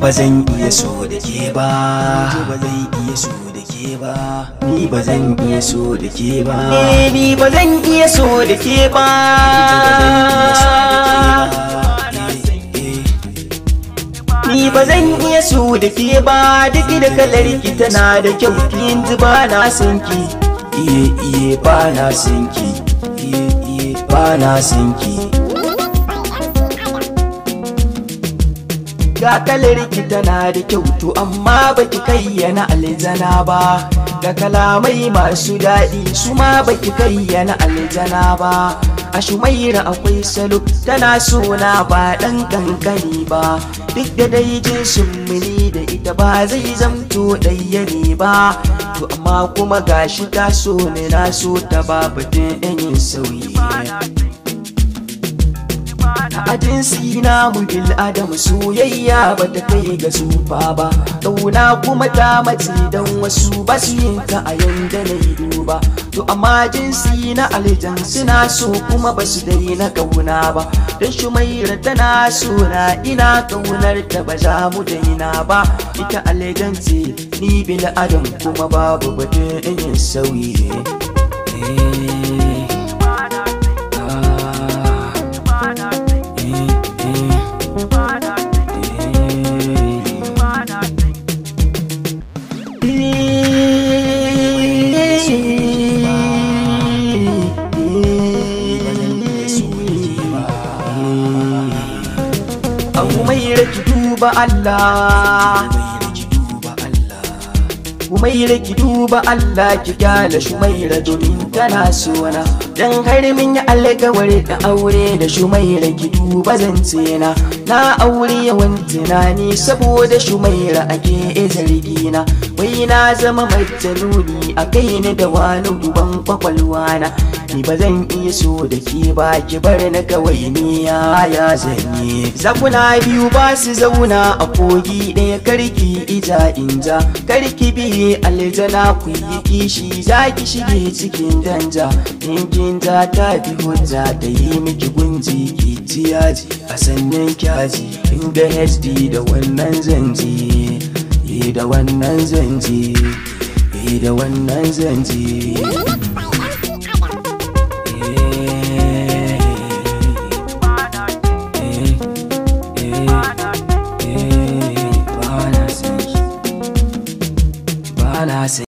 ba zan iya so da ke ba ba zan iya so da ke ba ni ba zan iya so da ke ba ni ba zan iya so da ke ba eh, ni ba zan iya so da ke ba duk da kalar ki tana da kyau yanzu ba na san ki iye iye ba na san ki iye iye ba na san ki ga kalarki tana da kyau to amma baki kayyana aljana ba ga kalamai masu daɗi su ma baki kayyana aljana ba a shumaira akwai salo tana suna ba ɗan kankani ba duk da dai jinsin mini da ita ba zai zamto ɗaya ne ba to amma kuma gashi ta so ne na so ta ba 'yan ɗanyin sauyi na mu bil adam soyayya ba ta kai ga zufa ba dauna kuma ta mace dan wasu ba su yin ta a yanda na yi duba to amma jinsi na aljan suna so kuma ba su dai na kauna ba dan shumaira tana so na ina kaunar ta ba za mu daina ba ita aljan ce ni bil adam kuma babu batun yin sauyi Umaira ki duba Allah Umaira ki duba Allah ki gyara Shumaira domin tana sona dan har min yi alƙawari da aure da Shumaira ki duba zancena na aure yawan tunani saboda Shumaira ake zargina wai na zama majaluni a kai ni da wani kwakwalwa na. ki ba zan iya so da ki ba ki bar na kawai ni ya ya zanyi zakuna biyu ba su zauna a kogi ɗaya karki ija inja karki bi aljana ku yi kishi za ki shige cikin danja in ta bi hujja da yi miki gunji ki ji a sannan kyaji inda hd da wannan zanji e da wannan zanji e da wannan zanji